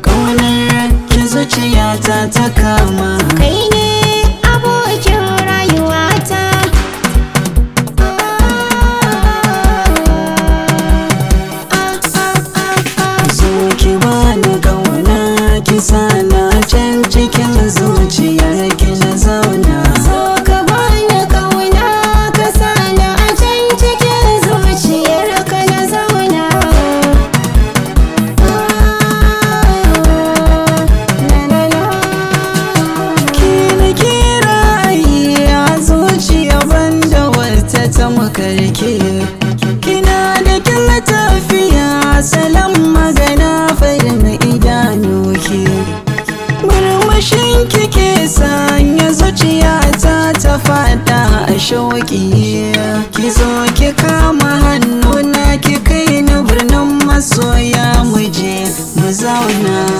Kaunar yanki zuciyata ta kama. Kai karke kina da kin tafiya salam magana farin idanu ki murmushin kike sanya zuciya ta ta fada a shauki ki zo ki kama hannuna, ki kai na birnin masoya muje mu zauna